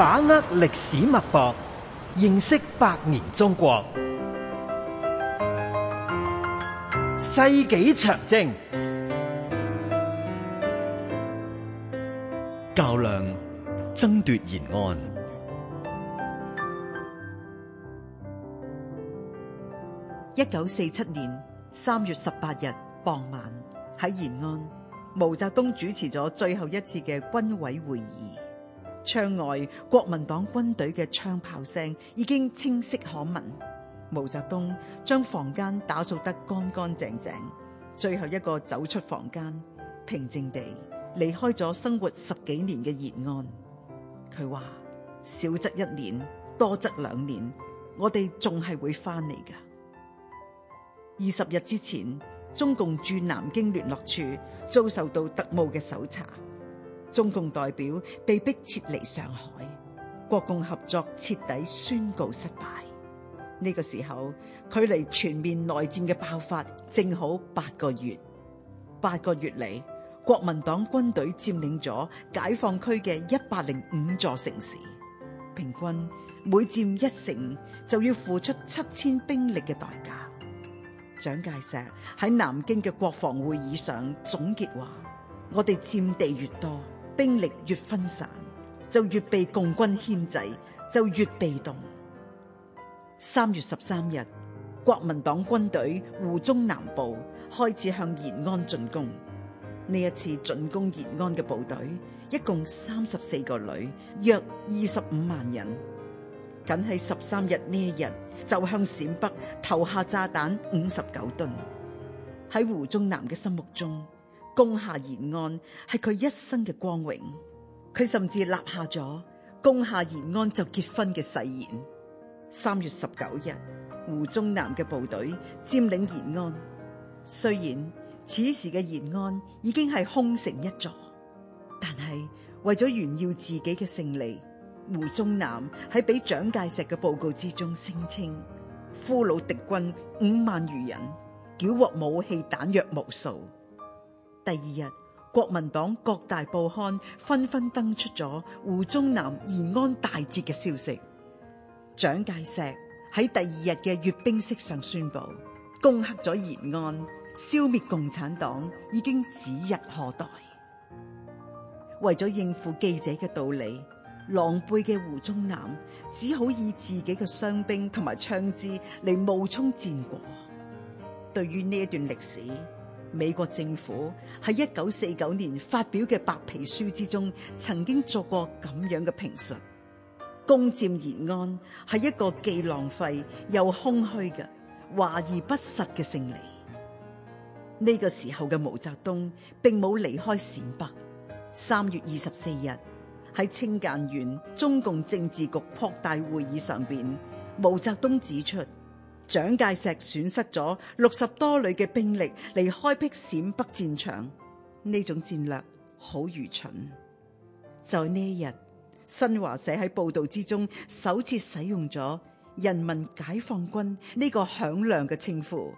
把握歷史脈搏，認識百年中國。世紀長征，較量，爭奪延安。一九四七年三月十八日傍晚，喺延安，毛澤東主持咗最後一次嘅軍委會議。窗外國民黨軍隊嘅槍炮聲已經清晰可聞。毛澤東將房間打掃得乾乾淨淨，最後一個走出房間，平靜地離開咗生活十幾年嘅延安。佢話，少則一年，多則兩年，我哋仲係會翻嚟噶。二十日之前，中共駐南京聯絡處遭受到特務嘅搜查。中共代表被迫撤離上海，國共合作徹底宣告失敗。呢個時候，距離全面內戰嘅爆發正好八個月。八個月嚟，國民黨軍隊佔領咗解放區嘅一百零五座城市，平均每佔一城就要付出七千兵力嘅代價。蔣介石喺南京嘅國防會議上總結話：我哋佔地越多。兵力越分散，就越被共軍牽制，就越被動。三月十三日，國民黨軍隊胡宗南部開始向延安進攻。呢一次進攻延安嘅部隊，一共三十四個旅，約二十五萬人。僅喺十三日呢一日，就向陝北投下炸彈五十九噸。喺胡宗南嘅心目中，攻下延安係佢一生嘅光榮，佢甚至立下咗攻下延安就結婚嘅誓言。三月十九日，胡宗南嘅部隊佔領延安。雖然此時嘅延安已經係空城一座，但係為咗炫耀自己嘅勝利，胡宗南喺俾蔣介石嘅報告之中聲稱俘虜敵軍五萬餘人，繳獲武器彈藥無數。第二日，國民黨各大報刊紛紛登出咗胡宗南延安大捷嘅消息。蔣介石喺第二日嘅閱兵式上宣布，攻克咗延安，消滅共產黨，已經指日可待。為咗應付記者嘅道理，狼狽嘅胡宗南只好以自己嘅傷兵同埋槍支嚟冒充戰果。對於呢一段歷史。美國政府喺一九四九年發表嘅白皮書之中，曾經作過咁樣嘅評述：攻占延安係一個既浪費又空虛嘅華而不實嘅勝利。呢、這個時候嘅毛澤東並冇離開陝北。三月二十四日喺清澗縣中共政治局擴大會議上邊，毛澤東指出。蔣介石損失咗六十多旅嘅兵力嚟開闢陝北戰場，呢種戰略好愚蠢。就呢一日，新華社喺報道之中首次使用咗“人民解放軍”呢個響亮嘅稱呼。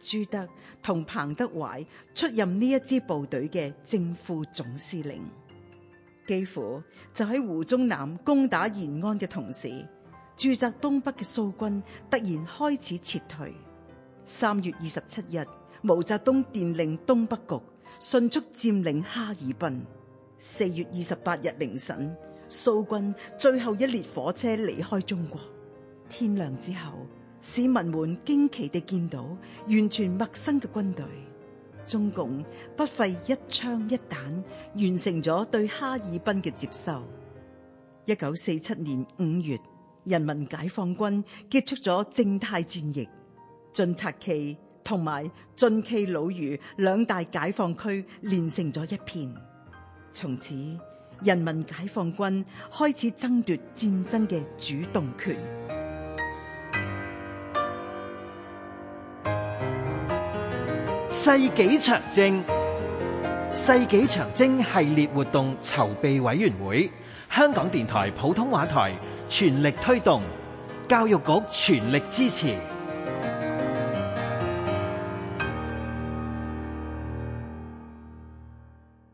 朱德同彭德懷出任呢一支部隊嘅正副總司令。幾乎就喺胡宗南攻打延安嘅同時。駐紮東北嘅蘇軍突然開始撤退。三月二十七日，毛澤東電令東北局迅速占領哈爾濱。四月二十八日凌晨，蘇軍最後一列火車離開中國。天亮之後，市民們驚奇地見到完全陌生嘅軍隊。中共不費一槍一彈，完成咗對哈爾濱嘅接收。一九四七年五月。人民解放軍結束咗正太戰役，晉察冀同埋晉冀魯豫兩大解放區連成咗一片，從此人民解放軍開始爭奪戰爭嘅主動權。世紀長征、世紀長征系列活動籌備委員會，香港電台普通話台。全力推動教育局全力支持。